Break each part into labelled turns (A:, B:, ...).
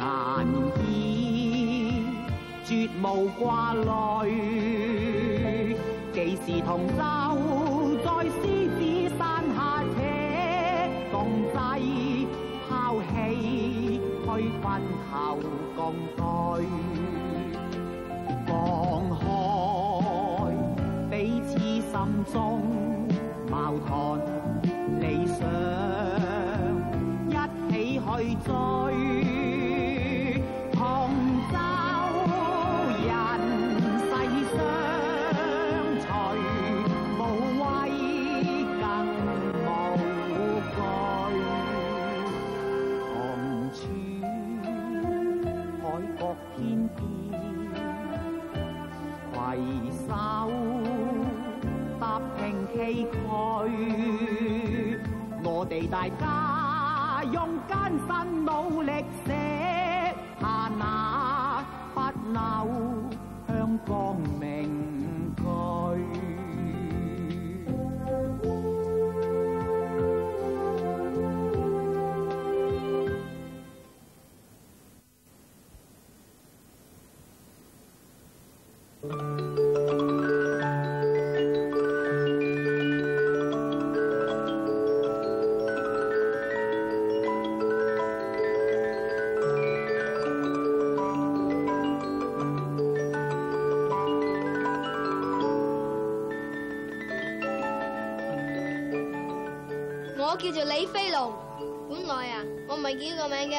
A: 難以絕無掛慮，既是同舟，在獅子山下且共濟，拋棄區分求共對，放開彼此心中。大家用艱辛努力。
B: 叫做李飛龍，本來啊，我唔係叫個名嘅，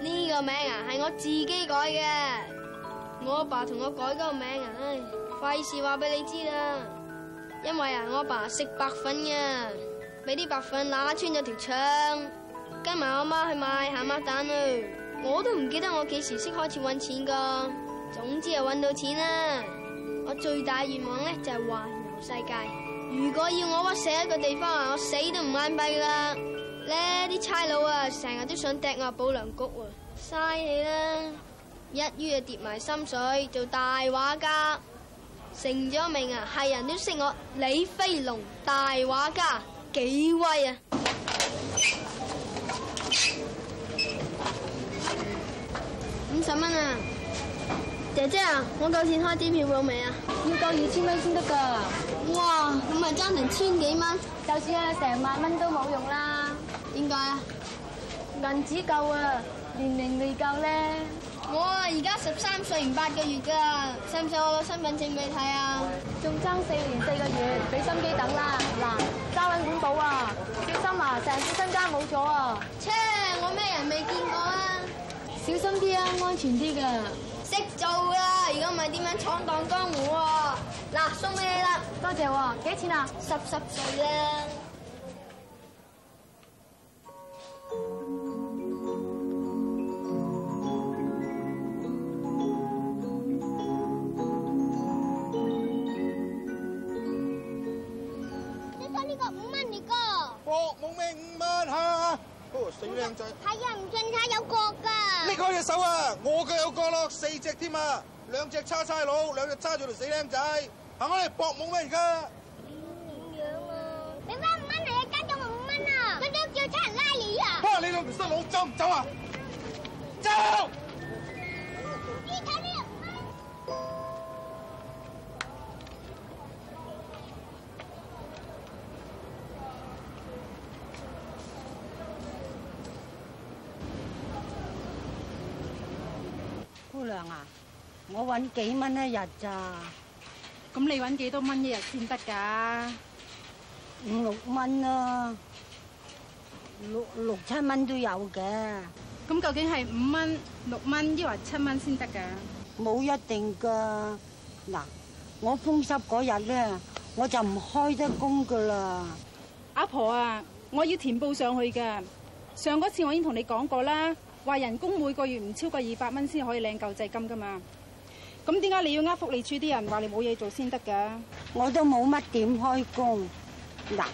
B: 呢個名啊係我自己改嘅。我阿爸同我改嗰個名啊，唉，費事話俾你知啦。因為啊，我阿爸食白粉啊，俾啲白粉打穿咗條腸，跟埋我媽去賣鹹鴨蛋啊。我都唔記得我幾時識開始揾錢噶，總之係揾到錢啦。我最大願望咧就係環遊世界。如果要我屈死一個地方啊，我死都唔眼閉啦！咧啲差佬啊，成日都想趯我保良局啊，嘥氣啦！一於啊跌埋心水，做大畫家，成咗名啊，係人都識我李飛龍大畫家，幾威啊！五十蚊啊，姐姐啊，我夠錢開支票冇未啊？要夠二千蚊先得噶。哇！咁咪爭成千幾蚊，就算係、啊、成萬蚊都冇用啦。點解啊？銀紙夠啊，年齡未夠咧。我啊，而家十三歲唔八個月噶，使唔使我攞身份證俾你睇啊？仲爭、嗯、四年四個月，俾心機等啦。嗱，揸緊元寶啊！小心啊，成堆身家冇咗啊！切，我咩人未見過啊？小心啲啊，安全啲噶。識做啊！如果唔係點樣闖蕩江湖啊！嗱，送俾你啦，多謝喎，幾錢啊？哦、十十歲啦。拎咗呢個五蚊嚟㗎。個冇咩五蚊嚇，哦死靚仔。係啊，唔信睇有個㗎。拎開隻手啊，我嘅有個咯，四隻添啊，兩隻叉叉佬，兩隻叉住條死靚仔。行啊！搏懵咩而家。點、嗯、樣啊？俾翻五蚊、啊、你啊！加多我五蚊啊！咁都叫差人拉你啊！哈！你兩條細路走唔走啊？走。依頭靚。哎
C: 哎、姑娘啊，我搵幾蚊一日咋、啊？咁你搵幾多蚊一日先得噶？五六蚊啦、啊，六六七蚊都有嘅。咁究竟係五蚊、六蚊，抑或七蚊先得噶？冇一定噶。嗱，我風濕嗰日咧，我就唔開得工噶啦。阿婆啊，我要填報上去噶。上嗰次我已經同你講過啦，話人工每個月唔超過二百蚊先可以領救濟金噶嘛。咁點解你要呃福利處啲人話你冇嘢做先得㗎？我都冇乜點開工，嗱，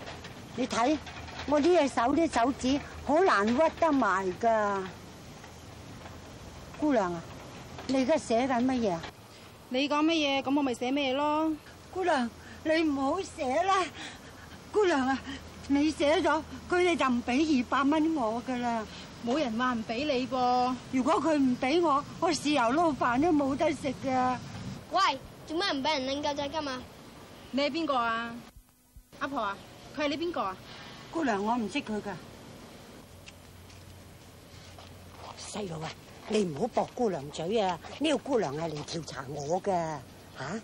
C: 你睇我呢隻手啲手指好難屈得埋㗎，姑娘啊，你而家寫緊乜嘢啊？你講乜嘢，咁我咪寫咩咯？姑娘，你唔好寫啦，姑娘啊，你寫咗佢哋就唔俾二百蚊我㗎啦。冇人話唔俾你噃。如果佢唔俾我，我豉油撈飯都冇得食噶。喂，做咩唔俾人拎救濟金啊？你係邊個啊？阿婆啊？佢係你邊個啊？姑娘，我唔識佢噶。細路啊，你唔好駁姑娘嘴啊！呢個姑娘係嚟調查我嘅吓？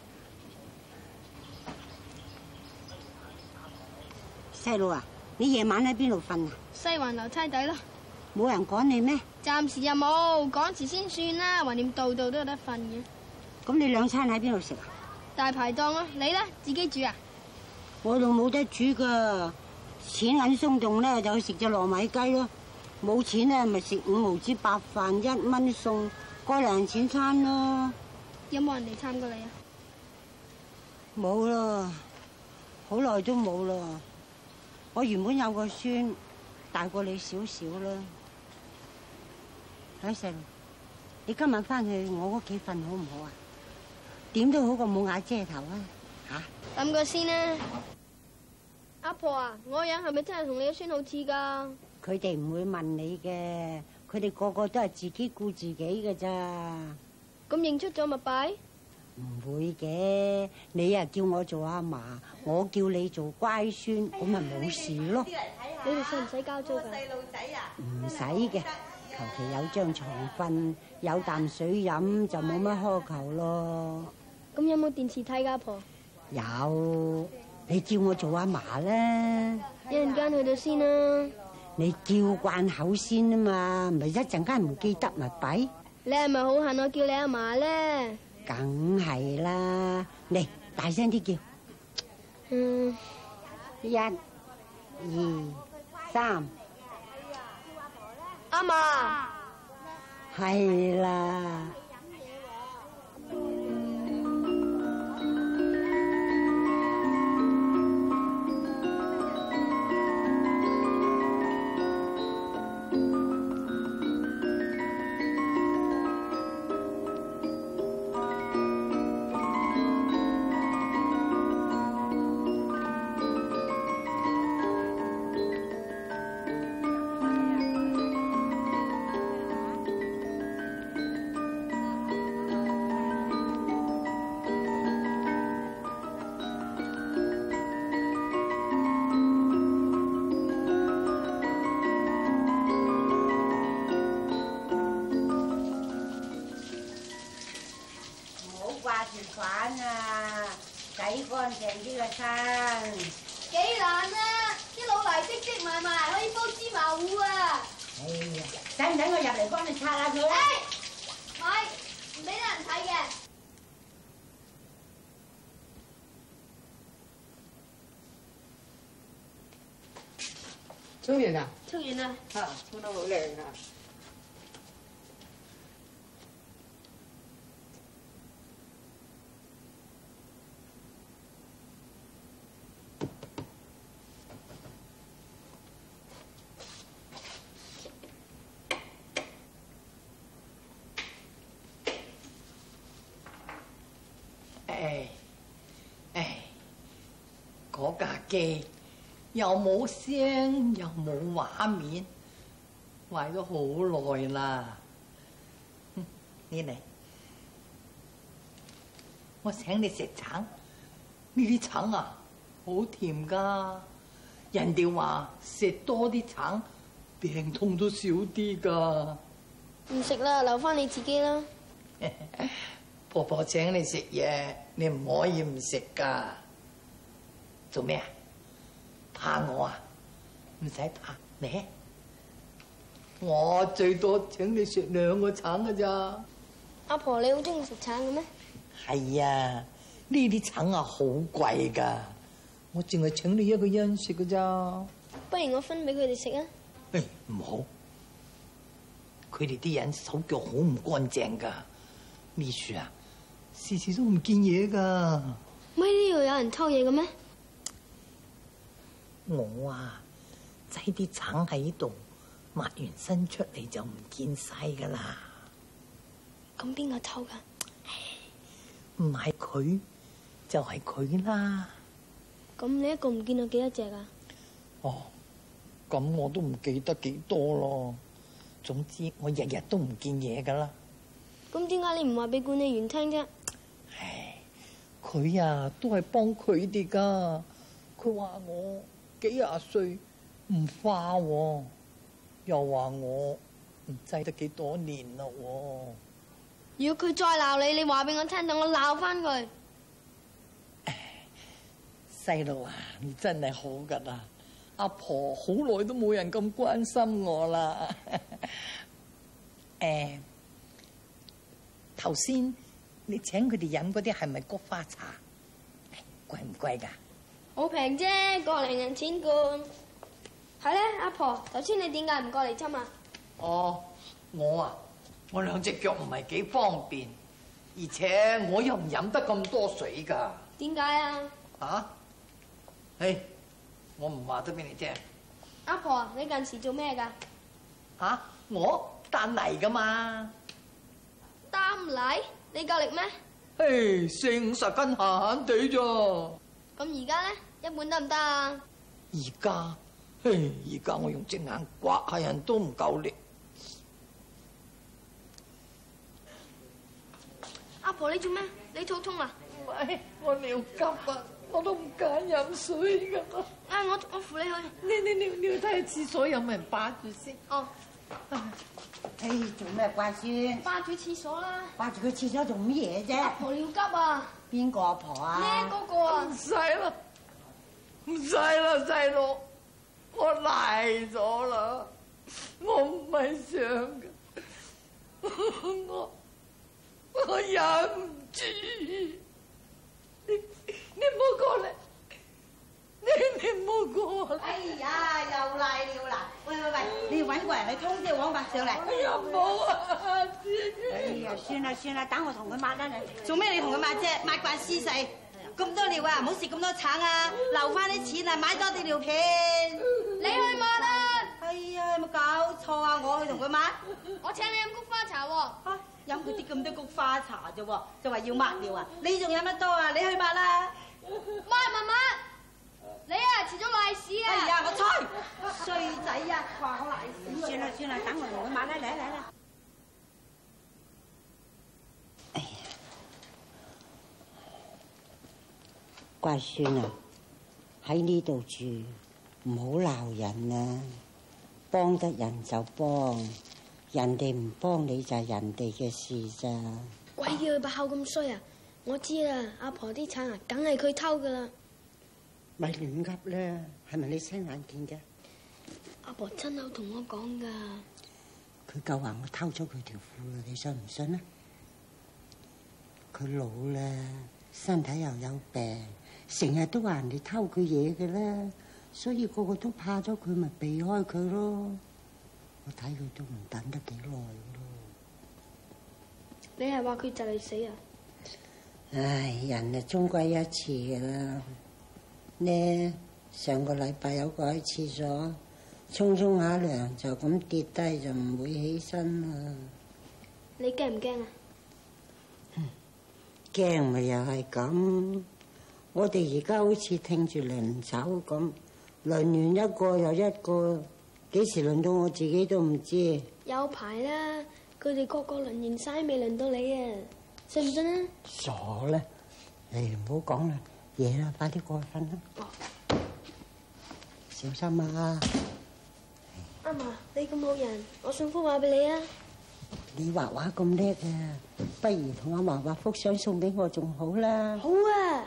C: 細路啊，弟弟你夜晚喺邊度瞓
B: 啊？西環樓差底咯。
C: 冇人趕你咩？
B: 暫時又冇，趕時先算啦。橫掂度度都有得瞓嘅。咁你兩餐喺邊度食啊？大排檔啊，你咧自己煮啊？
C: 我度冇得煮噶，錢銀鬆動咧就去食隻糯米雞咯，冇錢咧咪食五毫紙白飯一蚊餸過零錢餐咯。
B: 有冇人嚟參過你啊？
C: 冇咯，好耐都冇咯。我原本有個孫，大過你少少啦。阿成，你今晚翻去我屋企瞓好唔好啊？點都好過冇瓦遮頭啊。吓？諗過先啦。
B: 阿婆啊，我樣係咪真係同你個孫好似㗎？
C: 佢哋唔會問你嘅，佢哋個個都係自己顧自己㗎咋。噉認出咗咪弊？唔會嘅，你呀叫我做阿嫲，我叫你做乖孫，噉咪冇事囉。
B: 你哋使唔使交租㗎？細路仔啊，
C: 唔使嘅。 求其有張床瞓，有啖水飲就冇乜苛求咯。
B: 咁有冇電視睇㗎阿婆？
C: 有，你叫我做阿嫲咧。一陣間去到先啦。你叫慣口先啊嘛，唔係一陣間唔記得咪弊。你係咪好恨我叫你阿嫲咧？梗係啦，你大聲啲叫。嗯，一、二、三。阿媽，係啦。
B: 使唔使
C: 我入嚟幫你擦下佢？哎，喂，唔俾人睇嘅。沖完啦？沖
D: 完啦。嚇，沖到好靚啊！機又冇聲又冇畫面，壞咗好耐啦。 你嚟，我請你食橙。呢啲橙啊，好甜噶。人哋話食多啲橙，病痛都少啲噶。
B: 唔食啦，留翻你自己啦。
D: 婆婆請你食嘢，你唔可以唔食噶。做咩啊？嚇我啊！唔使怕，嚟！我最多請你食兩個橙噶咋？
B: 阿婆，你好中意食橙嘅咩？
D: 係啊，呢啲橙啊，好貴噶，
B: 我淨係請你一個人食噶咋？不如我分俾佢哋食啊？誒、哎，
D: 唔好！佢哋啲人手腳好唔乾淨噶，秘書啊，次次都唔見嘢噶。
B: 咩？呢度人偷嘢嘅咩？
D: 我啊，擠啲橙喺度，抹完身出嚟就唔見晒噶啦。
B: 咁邊個偷噶？唉，
D: 唔係佢，就係佢啦。
B: 咁你一個唔見到幾多隻啊？
D: 哦，咁我都唔記得幾多咯。總之我日日都唔見嘢噶啦。
B: 咁點解你唔話俾管理員聽啫？唉，
D: 佢啊，都係幫佢哋噶。
B: 佢話我。
D: 幾廿歲唔化，哦，又話我唔制得幾多年咯，
B: 哦？如果佢再鬧你，你話俾我聽，等我鬧翻佢。
D: 細路，哎、啊，你真係好噶啦！阿婆好耐都冇人咁關心我啦。誒， 哎，頭先你請佢哋飲嗰啲係咪菊花茶？貴唔貴噶？貴
B: 好平啫，過嚟人錢罐。係咧，阿婆，頭先你點解唔過嚟侵啊？
D: 哦，我啊，我兩隻腳唔係幾方便，而且我又唔飲得咁多水噶。點解啊？吓？嘿，我唔話得俾你聽。
B: 阿婆，你近時做咩噶？
D: 吓，我擔泥噶嘛。
B: 擔泥？你夠力咩？嘿，
D: 四五十斤閒閒地咋。
B: 咁而家咧？一碗得唔得啊？
D: 而家，嘿，而家我用隻眼刮下人都唔夠力。
B: 阿婆，你做咩？你肚痛啊？唔係，我尿急啊，我都唔敢飲水噶。啊、哎！我我扶你去。你你 ifall, 你你去睇下廁
D: 所有冇人霸住先。哦。
C: 唉，做咩霸住？霸住廁所啦。霸住個廁所做乜
D: 嘢啫？阿婆尿急啊。邊個阿婆啊？咩嗰、啊啊、個啊？唔使啦。唔使啦，細路，我賴咗啦，我唔係想我我忍唔住，你你唔好過嚟，你你唔好過嚟。哎呀，又賴了啦！喂喂
C: 喂，你揾個人去通知王伯上嚟。哎呀，唔好啊！哎呀，算啦算啦，等我同佢抹啦你。做咩你同佢抹啫？抹慣私世。咁多尿啊！唔好食咁多橙啊，留翻啲錢啊，買多啲尿片。你去抹啦、啊，哎
B: 呀，有冇搞錯啊？我去同佢抹，我請你飲菊花茶喎、啊，飲佢啲咁多菊花茶啫喎、
C: 啊，就話要抹尿啊！
B: 你仲飲得多啊？你去抹啦、啊，喂，媽媽，你啊遲咗賴屎啊！哎呀，我衰衰仔啊！話我賴屎。算啦算啦，等我同佢抹啦，嚟嚟嚟
C: 乖孫啊，喺呢度住唔好鬧人啊！幫得人就幫，人哋唔幫你就係人哋嘅事咋。
B: 鬼叫佢把口咁衰啊！我知啦，阿婆啲產啊，梗係佢偷噶啦。
C: 咪亂噏啦，係咪你親眼見嘅？
B: 阿婆親口同我講噶，
C: 佢夠話我偷咗佢條褲啊！你信唔信啊？佢老啦，身體又有病。成日都話人哋偷佢嘢嘅啦，所以個個都怕咗佢，咪避開佢咯。我睇佢都唔等得幾耐咯。你
B: 係話佢就嚟死啊？
C: 唉，人就終歸一次噶啦。呢，上個禮拜有個喺廁所沖沖下涼，就咁跌低就唔會起身啦。
B: 你驚唔驚啊？
C: 驚咪、嗯、又係咁。我哋而家好似聽住輪走咁，輪完一個又一個，幾時輪到我自己都唔知。
B: 有排啦，佢哋個個輪完曬，未輪到你啊！信唔信啊？
C: 傻啦，你唔好講啦，夜啦，快啲過去瞓啦。哦，小心啊！阿
B: 嫲，你咁好人，我送幅畫俾你啊！
C: 你畫畫咁叻啊，不如同阿嫲畫幅相送俾我仲好啦。好啊。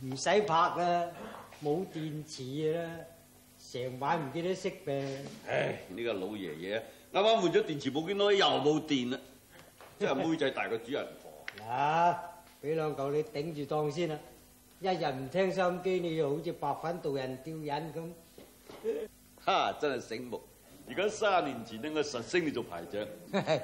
E: 唔使拍啦，冇電池嘅啦，成晚唔記得熄屏。
F: 唉，呢個老爺爺啱啱換咗電池，冇幾耐又冇電啦，真係妹仔大過主人婆。
E: 啊，俾兩嚿你頂住檔先啦，一日唔聽收音機，你又好似白粉度人吊癮咁。
F: 哈，真係醒目。而家三年前應該實升你做排長。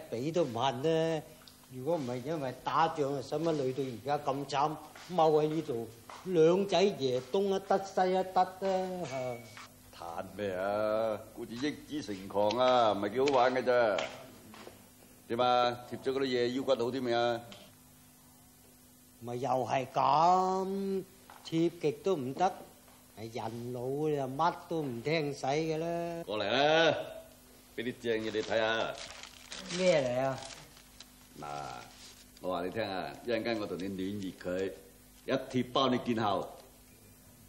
E: 俾都唔肯啦。如果唔係因為打仗啊，使乜累到而家咁慘踎喺呢度？兩仔爺東一得西一得啦嚇！
F: 嘆咩啊？顧住益之成狂啊，唔係幾好玩嘅咋？點啊？貼咗嗰啲嘢腰骨好啲未啊？咪又
E: 係咁貼極都唔得，係人老啊，乜都唔聽使嘅啦。過嚟啦，
F: 俾啲正嘢你睇下。咩嚟啊？嗱，我話你聽啊，一陣間我同你暖熱佢，一貼包你見後。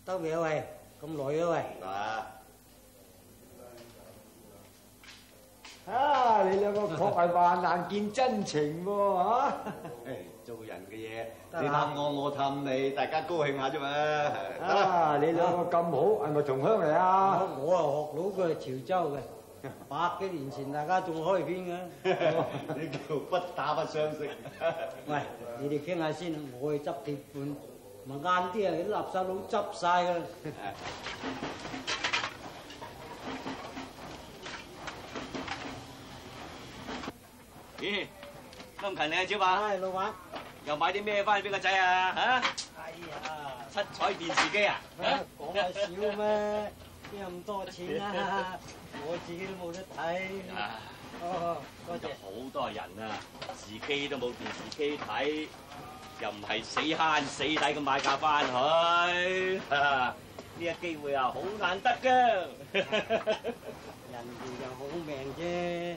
E: 得嘅喂，咁耐嘅喂。
F: 係嘛？啊，你兩個確係患難見真情喎嚇。做人嘅嘢，你氹我，我氹你，大家高興下啫嘛。得啦。你兩個咁好，係咪同鄉嚟啊？
E: 我啊學佬，佢係潮州嘅。百幾年前大家仲開片嘅，呢叫不打不相識。喂，你哋傾下先，我去執鐵罐，咪啱啲啊！你啲垃圾佬執曬㗎。咦，
F: 咁勤力啊，小華。唉，老闆。又買啲咩翻去邊個仔啊？嚇。哎呀。七彩電視機啊？
E: 講笑咩？咁
F: 多錢啦，
E: 我自己都冇得
F: 睇。哦，多謝。好多人啊，自己都冇電視機睇，又唔係死慳死抵咁買架翻去。呢個機會啊，好難得噶。
E: 人哋又好命啫，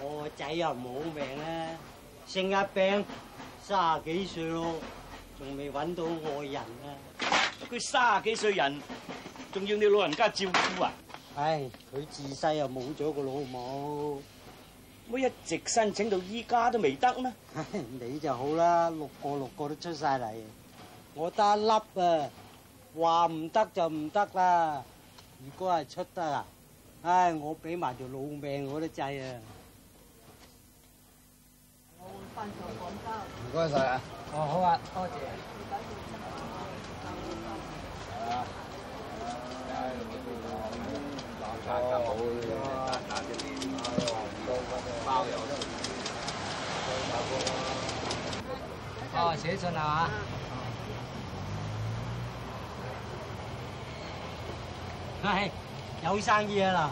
E: 我仔又冇命啊，成日病，卅幾歲咯，仲未揾到愛人啊。佢卅幾歲人，仲要你老人家照顧啊！唉，佢自細又冇咗個老母，唔好一直申請到依家都未得咩？你就好啦，六個六個都出晒嚟，我得一粒啊，話唔得就唔得啦。如果係出得啊，唉，我俾埋條老命我都制啊！我會返廣州！唔該晒啊！哦，好啊，多謝。大家好，打打啲包郵啦。哦，寫信嚇嘛？係有生意啊啦，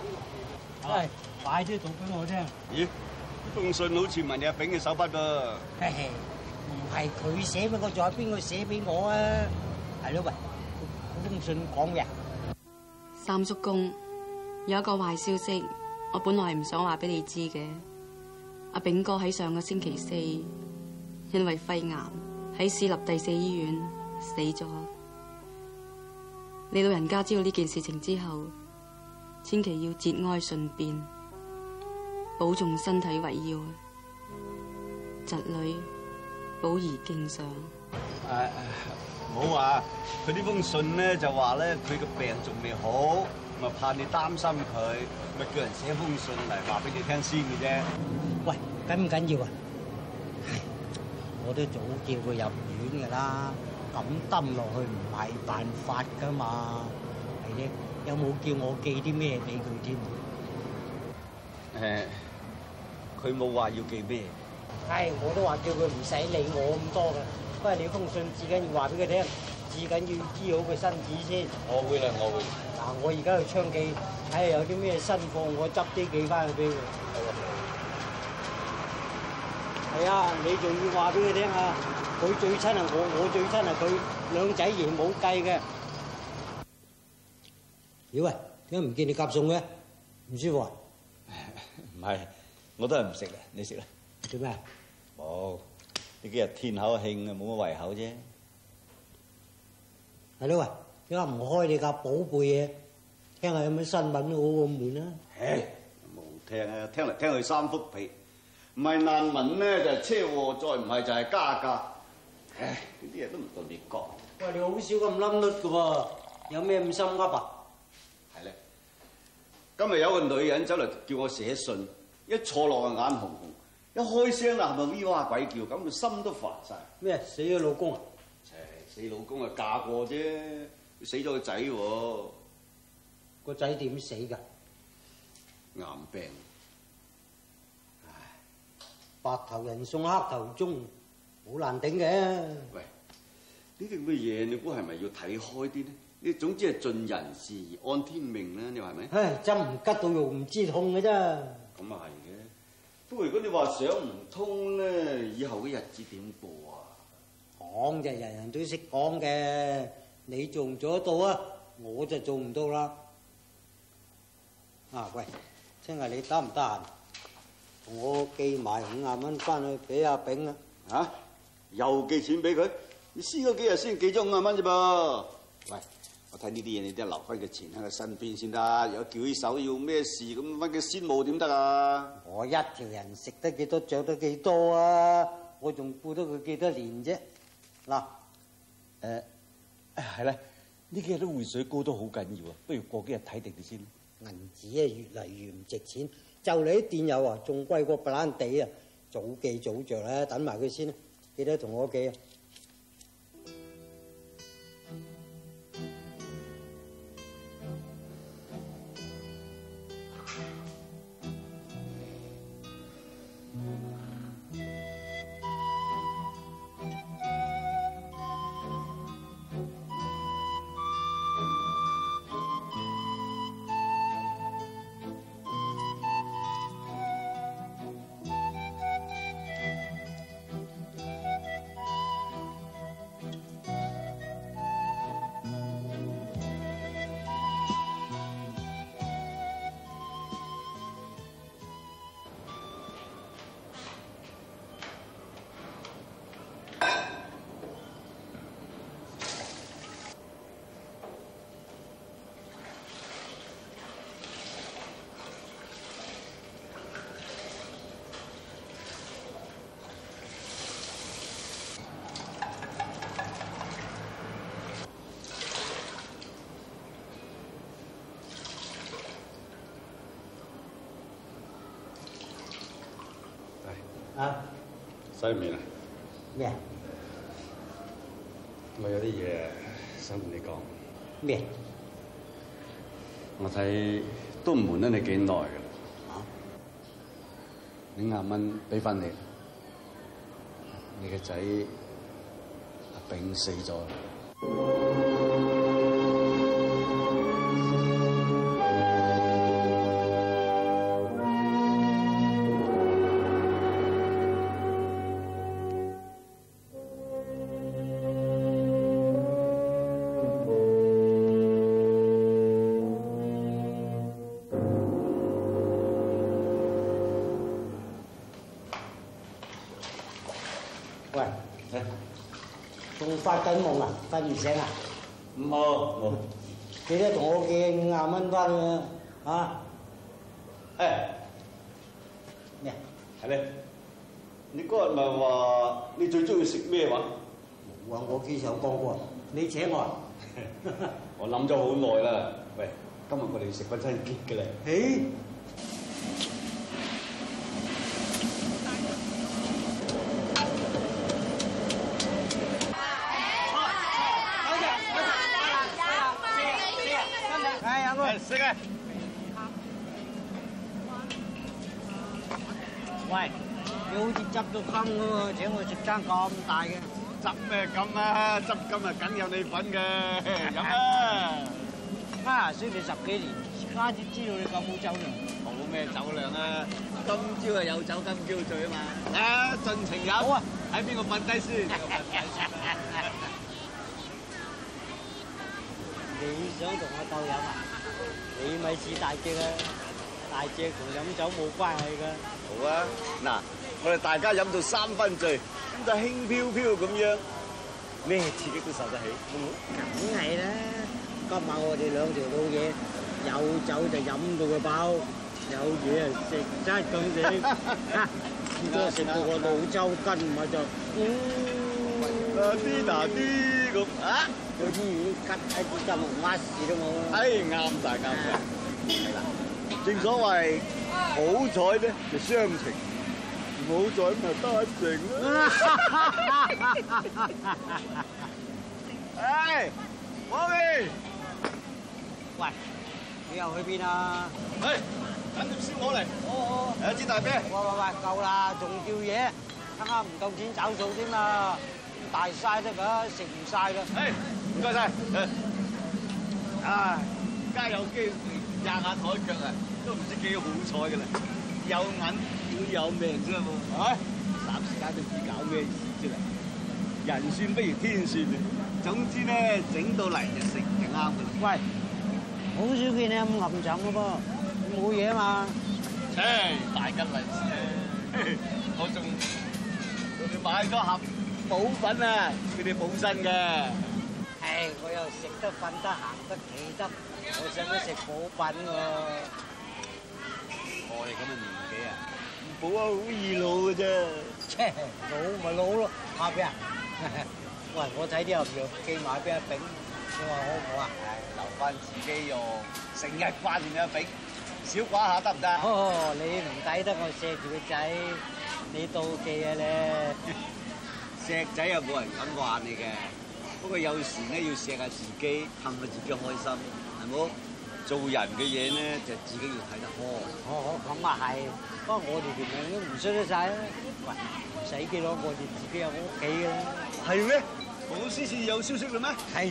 E: 都係快啲讀俾我聽。
F: 咦？封信好似問你阿炳嘅手筆噃。
E: 唔係佢寫㗎，我仲有邊個寫俾我啊？係咯噃，封信講咩。三叔
C: 公。有一個壞消息，我本來係唔想話俾你知嘅。阿炳哥喺上個星期四因為肺癌喺市立第四醫院死咗。你老人家知道呢件事情之後，千祈要節哀順變，保重身體為要。侄女保儀敬上。
F: 唉、啊，誒，唔好話，佢呢封信呢，就話咧，佢個病仲未好。我怕你擔心佢，咪叫人寫封信嚟話俾你聽先嘅啫。喂，
E: 緊唔緊要啊？
F: 我都早叫佢入院㗎
E: 啦，咁揼落去唔係辦法噶嘛。係咧，有冇叫我
F: 寄啲咩俾佢添？誒，佢冇話要寄咩？
E: 係，我都話叫佢唔使理我咁多㗎，不過你封信自己話俾佢聽。至緊要醫好佢身子先。我會啦，我會。嗱，我而家去昌記睇下有啲咩新貨，我執啲寄翻去俾佢。係啊，你仲要話俾佢聽啊！佢最親啊，我我最親啊，佢兩仔爺冇計嘅。咦，喂？點解唔見你夾餸嘅？唔舒服啊？唔
F: 係，我都係唔食嘅，你食啦。點啊？冇呢幾日天口興啊，冇乜胃口啫。
E: 係咯，點解唔開你架寶貝嘢，聽下有咩新聞好過悶啊？
F: 唉，冇聽啊，聽嚟聽去三幅皮，唔係難民咩？就係車禍，再唔係就係加價。唉，呢啲嘢都唔同你講。
E: 喂，你好少咁冧甩噶噃，有咩咁心急啊？
F: 係咧，今日有個女人走嚟叫我寫信，一坐落啊眼紅紅，一開聲啊，係咪咪哇鬼叫？咁佢心都煩晒。咩死咗老公啊！你老公啊，嫁過啫，死咗個仔，個仔點死噶？癌病，
E: 唉，白頭人送黑頭中，好難頂嘅。
F: 喂，呢啲咁嘅嘢，你估係咪要睇開啲呢？你總之係盡人事，安天命啦。你話係咪？
E: 唉，針唔吉到，又唔知痛嘅啫。
F: 咁啊係嘅，不過如果你話想唔通咧，以後嘅日子點過？
E: 講就人人都識講嘅，你做唔做得到啊？我就做唔到啦。啊喂，聽日你得唔得閒啊？我寄埋五萬蚊翻去俾阿炳啊。
F: 嚇，又寄錢俾佢？你先嗰幾日先寄咗五萬蚊啫噃。喂，我睇呢啲嘢，你都留翻佢錢喺佢身邊先得。如果叫起手要咩事，咁乜嘅先冇點得啊？我一條人食得幾
E: 多，著得幾多啊？我仲顧得佢幾多年啫？
F: 嗱，誒係啦，呢幾日都回水高都好緊要啊，不如過幾日睇定佢
E: 先。銀紙啊，越嚟越唔值錢，就你啲店友啊，仲貴過白蘭地啊，早寄早著啦，等埋佢先啦，記得同我屋企啊。洗面啊！咩？
F: 我有啲嘢想同你講。咩？我睇都唔瞞得你幾耐嘅。嚇？你廿蚊俾翻你。你嘅仔病死咗。瞓唔醒、哦哦、啊？冇冇、
E: 欸麼，你都同我借五廿蚊翻嘅
F: 嚇。誒咩？係咧？你嗰日咪話你最中意食咩話？我我幾想講個。嗯、你請我 我諗咗好耐啦。喂，今日我哋食翻餐傑嘅咧。誒。欸
E: 執到金噶喎，請我食餐咁大嘅。執咩金啊？執
F: 金啊，梗有你份㗎，飲啦。啊，輸佢十幾年，而家至知道你個好酒量。冇咩酒量啦，今朝啊有酒今朝醉啊
A: 嘛。啊，盡情飲，睇邊個瞓
E: 低先。你想同我鬥飲啊？你咪
F: 似大隻啊！大隻同飲酒冇關係噶。好啊，嗱。我哋大家飲到三分醉，咁就輕飄飄咁樣，咩刺激都受得起，好唔好？梗係啦，今晚我哋兩條老嘢，有
E: 酒就飲到個飽，有嘢啊食得咁正，最多食到個老周筋咪就，嗱啲嗱啲
F: 咁啊，有啲魚骨喺啲咁嘅乜事都冇，哎啱晒啱晒，正所謂好彩咧就雙情。唔好在咁咪得一成啦。哎，喂，喂，你又去
E: 邊啊？哎，揾碟燒鵝嚟。哦哦。有一支大啤。喂喂喂，夠啦，仲叫嘢？啱啱唔夠錢找數添啦！大晒得噶，食唔晒
F: 噶。哎，唔該晒。哎，家有機會壓下台腳啊，都唔知幾好彩噶啦，有銀。要有命啫喎，唉，霎時間都唔知搞咩事出嚟。人算不如天算啊！總之咧，整到嚟就食，就啱嘅啦。喂，
E: 好少見你咁臨
F: 陣嘅噃，冇嘢啊嘛。
A: 切，大吉利是
F: 啊，我仲佢哋買咗盒補品啊，佢哋補身嘅。誒，我又食得、瞓得、行得、企得，我使乜食補品喎？愛咁啊！冇啊，好易老嘅
D: 啫，切，
E: 老咪老咯，怕咩啊？喂，我睇啲藥又寄埋俾阿炳，你話好唔好啊？留翻自己用，成日掛住你阿炳，少掛下得唔得啊？哦，你唔抵得我錫住個仔，
F: 你妒忌啊咧？錫仔又冇人敢話你嘅，不過有時咧要錫下自己，氹下自己開心，係冇？做人嘅嘢咧，就自己要睇得開。哦，
E: 咁啊係。不過我哋條命都唔衰得晒啦。喂，唔使幾攞我哋自己有屋企嘅啦。係咩嗎？
F: 老師傅
E: 有消息啦咩？係，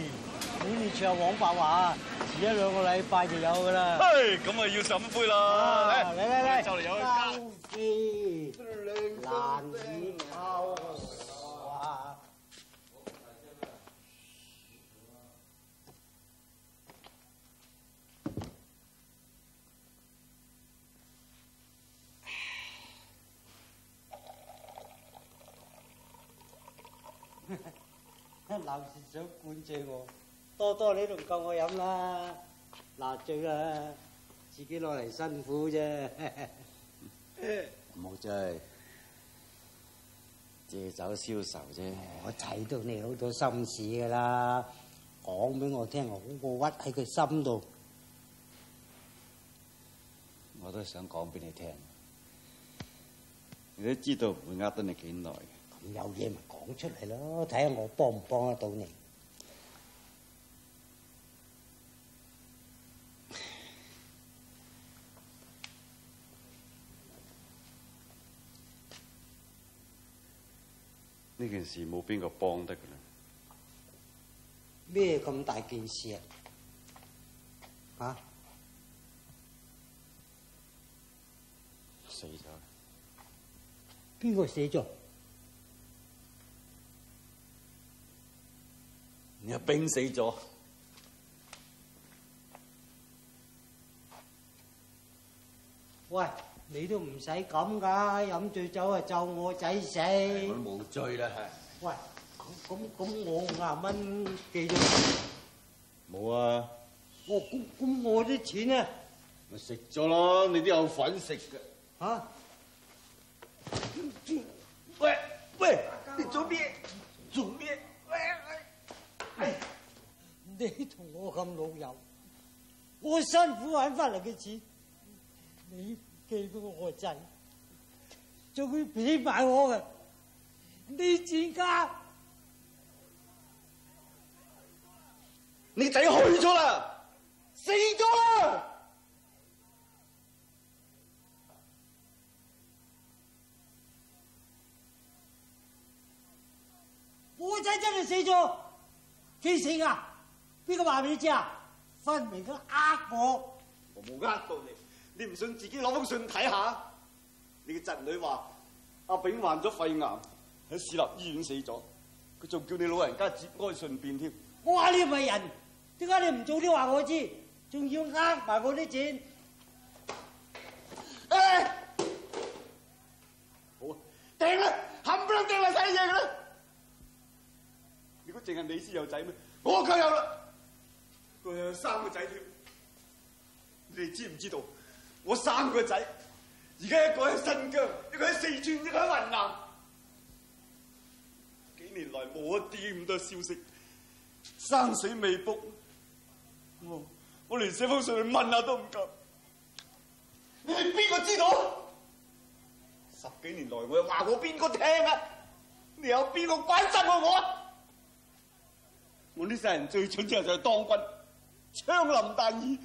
E: 好似唱黃百華啊，遲一兩個禮拜就有㗎啦。係
F: 以，咁啊要飲杯啦，
A: 嚟嚟嚟，就嚟有咖啡，難
E: 臨時想灌醉我，多多你都唔夠我飲啦！嗱，醉啦，啊，自己攞嚟辛苦啫。
F: 冇 好、嗯、醉，
E: 借酒消愁啫。我睇到你好多心事噶啦，講俾我聽，我好過屈喺佢心度。
F: 我都想講俾你聽，你都知道唔會呃得你幾耐。
E: 有嘢咪講出嚟咯，睇下我幫唔幫得到你。
F: 呢件事冇邊個幫得嘅咧？
E: 咩咁大件事啊？嚇！
F: 死咗！
E: 邊個死咗？
F: 又病死咗。
E: 喂，你都唔使咁噶，飲醉酒啊咒我仔死。我都冇醉啦係。喂，咁咁咁我五廿蚊
F: 寄咗。冇啊。我咁咁我啲錢啊。咪食咗咯，你都有份食嘅。嚇？喂喂，你左邊。
E: 你同我咁老友，我辛苦揾翻嚟嘅錢，你寄俾我個仔，就會俾
A: 埋我嘅？你次家，
F: 你
A: 仔去咗啦，死咗啦！
E: 我仔真係死咗，
F: 幾錢啊？邊個話俾你知啊？分明都呃我，我冇呃到你，你唔信自己攞封信睇下。你嘅侄女話阿炳患咗肺癌喺市立醫院死咗，佢仲叫你老人家節哀順變添。
E: 我話你唔係人，點解你唔早啲話我知，仲要呃埋我啲錢？
F: 誒、欸，好啊，掟啦，冚唪唥掟嚟睇嘢啦。如果淨係你先有仔咩？我梗有啦。我有三個仔添，你哋知唔知道？我三個仔，而家一個喺新疆，一個喺四川，一個喺雲南。幾年來冇一啲咁多消息，生死未卜。我我連寫封信去問下都唔得。你哋邊個知道？十幾年來我又話過邊個聽啊？你有邊個關心過我我？我呢世人最蠢之後就係當軍。槍林彈雨，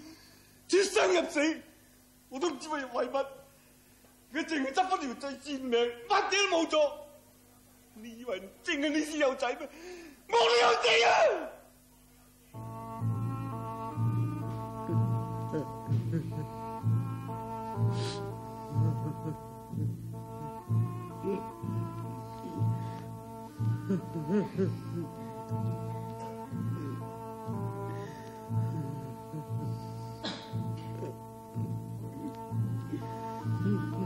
F: 出生入死，我都唔知為為乜，佢淨係執翻條最賤命，乜嘢都冇做。你以為淨係你先有仔咩？
A: 冇理由死啊？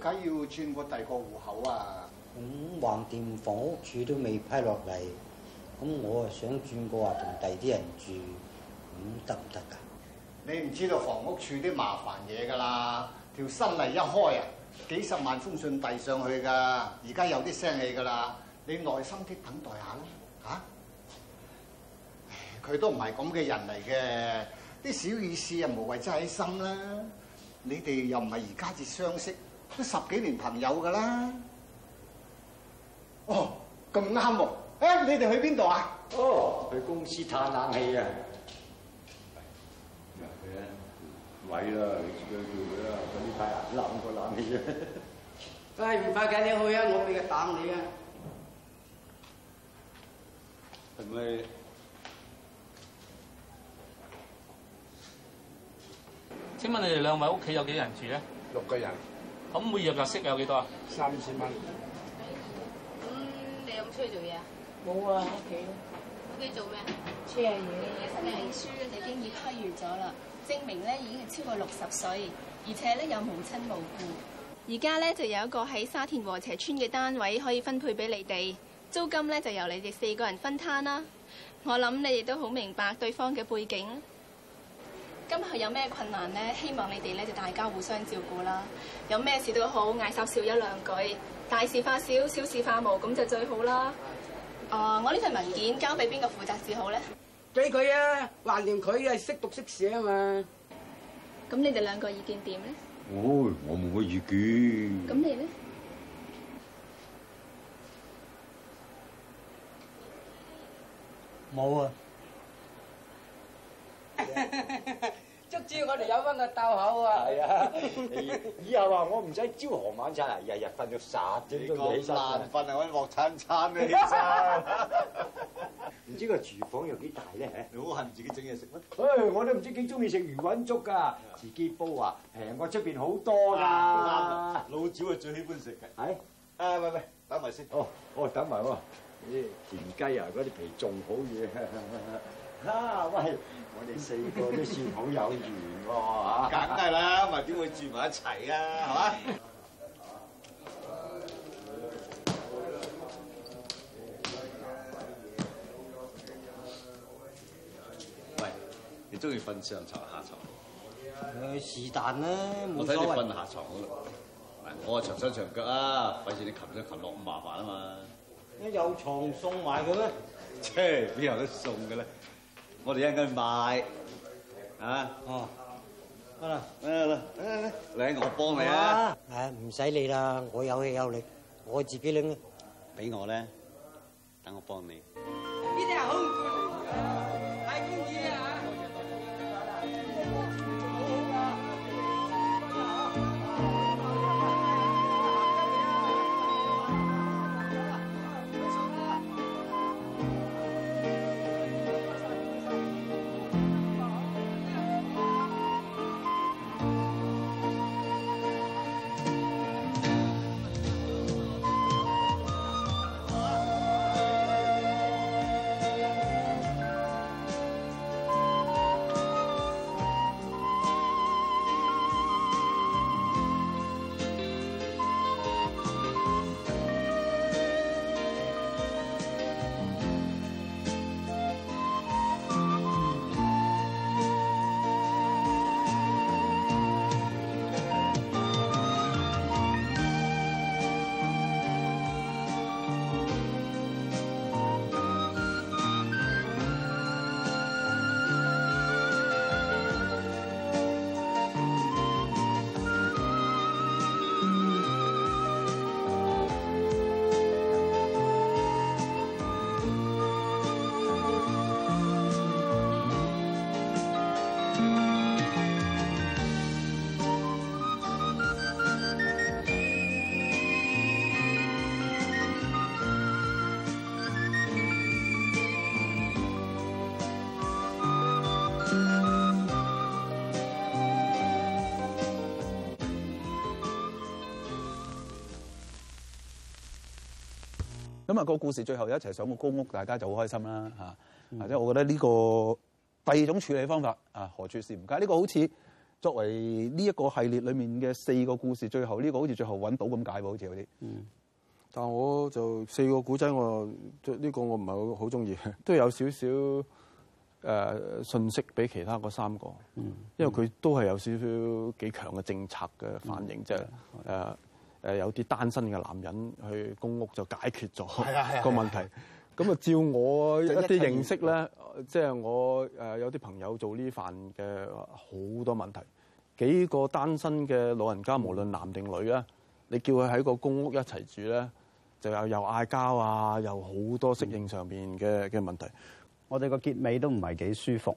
F: 點解要轉過第二個戶口啊？
E: 咁橫掂房屋處都未批落嚟，咁、嗯、我啊想轉過啊同第二啲人住，咁得唔得噶？
F: 行行啊、你唔知道房屋處啲麻煩嘢㗎啦。條新例一開啊，幾十萬封信遞上去㗎。而家有啲聲氣㗎啦，你耐心啲等待下啦嚇。佢、啊、都唔係咁嘅人嚟嘅，啲小意思又無謂執喺心啦。你哋又唔係而家至相識。都十幾年朋友㗎啦，哦咁啱喎！誒，你哋去邊度啊？哦，去公司嘆冷氣啊！入去啊，位啦，你叫佢啦，快啲睇下冷唔過冷氣
E: 啫！啊，唔快嘅你去啊，我俾佢等你啊。
F: 係咪？請問你哋兩位屋企有幾人住咧？六個人。
G: 咁每月入息有幾多啊？三千
C: 蚊。咁、嗯、你有冇出去做嘢啊？冇啊，屋企。屋企做咩出車嘢。身分書咧已經已批完咗啦，證明咧已經係超過六十歲，而且咧又無親無故。而家咧就有一個喺沙田禾輋村嘅單位可以分配俾你哋，租金咧就由你哋四個人分攤啦。我諗你哋都好明白對方嘅背景。今日有咩困難咧？希望你哋咧就大家互相照顧啦。有咩事都好，嗌少少一兩句，大事化小，小事化無，咁就最好啦。啊，我呢份文件交俾邊個負責至好咧？俾佢啊，還掂佢係，識讀識寫啊嘛。咁你哋兩個意見點咧？
E: 哦，我我冇咩意見。咁你咧？冇啊。足之我哋有返個竇口啊，係啊！
F: 以後話我唔使朝航晚餐天天啊，日日瞓到十點都起曬瞓啊，我食餐餐呢餐。唔知個廚房有幾大咧？好恨自己整嘢食啊！我都唔知幾鍾意食魚滾粥㗎，啊，自己煲啊，平過出邊好多㗎，啊啊。老趙啊，最喜歡食嘅。係的啊，喂喂，等埋先，哦。哦，我等埋喎。啲田雞啊，嗰啲皮仲好嘢。啊啊喂！我哋四個都算好有緣喎、啊、嚇，梗係啦，咪點會住埋一齊啊？係嘛？喂，你中意瞓上床下床？
E: 誒是但啦，冇所謂。我睇你瞓下
F: 床好啦，我啊長手長腳啊，費事你擒上擒落咁麻煩啊嘛。有床送埋佢咩？切，邊有得送嘅咧？我哋一陣間賣，啊哦，得啦，得啦，嚟，我幫你啊！
E: 係啊，唔使你啦，我有氣有力，我自己拎。俾我咧，等我幫你。
A: 咁啊個故事最後一齊上個公屋，大家就好開心啦嚇！或者、嗯、我覺得呢、呢個第二種處理方法啊，何處是吾家？呢、呢個好似作為呢一個系列裡面嘅四個故事，最後呢、呢個好似最後揾到咁解喎，好似有啲。嗯，
F: 但我就四個古仔我呢、呢個我唔係好中意，都有少少誒信息比其他嗰三個。嗯，因為佢都係有少少幾強嘅政策嘅反應啫。誒、嗯嗯。呃誒有啲單身嘅男人去公屋就解決咗的個問題，咁啊照我一啲 認識咧，即係 我誒有啲朋友做呢範嘅好多問題。幾個單身嘅老人家無論男定女咧，你叫佢喺個公屋一齊住咧，就有又嗌交啊，又好多
G: 適應上邊嘅嘅問題，嗯，我哋個結尾都唔係幾舒服，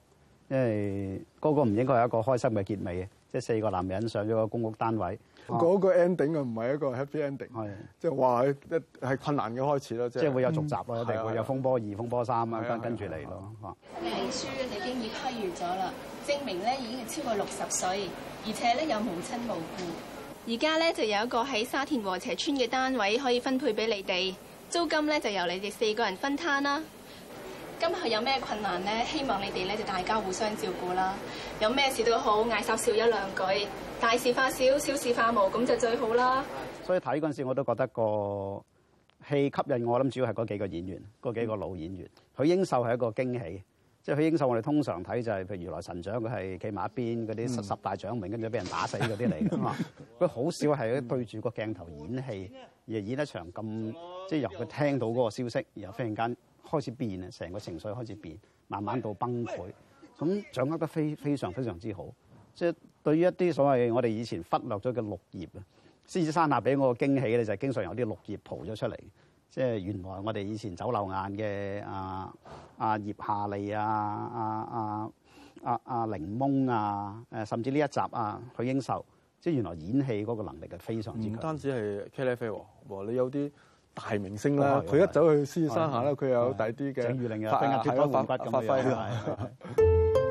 G: 因為嗰個唔應該係一個開心嘅結尾嘅，即係四個男人上咗個公屋單位。
A: 嗰、哦、個
F: ending 啊，唔係一個 happy ending，、啊、即係話一係困難嘅開始咯，即係會有續集咯，一定、嗯、會有風
G: 波二、風波三、嗯、跟啊，跟跟住嚟咯。證書已經已批完咗啦，證
C: 明咧已經超過六十歲，而且咧有無親無故。而家咧就有一個喺沙田和斜村嘅單位可以分配俾你哋，租金咧就由你哋四個人分攤啦。今日有咩困難咧？希望你哋咧就大家互相照顧啦。有咩事都好，嗌十笑一兩句，大事化小，小事化無，咁就最好
G: 啦。所以睇嗰陣時，我都覺得個戲吸引我諗，我主要係嗰幾個演員，嗰幾個老演員。許英秀係一個驚喜，即係許英秀，我哋通常睇就係、是、譬如如來神掌一，佢係企埋一邊嗰啲十大掌名跟住俾人打死嗰啲嚟。佢好、嗯、 少係對住個鏡頭演戲，而演一場咁，即係由佢聽到嗰個消息，然後忽然間。開始變啊！成個情緒開始變，慢慢到崩潰。咁喂掌握得非非常非常之好。即係對於一啲所謂我哋以前忽略咗嘅綠葉啊，獅子山下俾我嘅驚喜咧，就係、是、經常有啲綠葉蒲咗出嚟。即係原來我哋以前走漏眼嘅啊啊葉夏利啊啊啊啊檸檬啊誒、啊、甚至呢一集啊許英秀，即係原來演戲嗰個能力係非常之強。唔
F: 單止係 Kelly 飛喎，你有啲。大明星啦，佢、啊嗯、一走
G: 去獅子山下咧，
F: 佢、嗯、有第啲嘅發壓貼花玩法咁樣。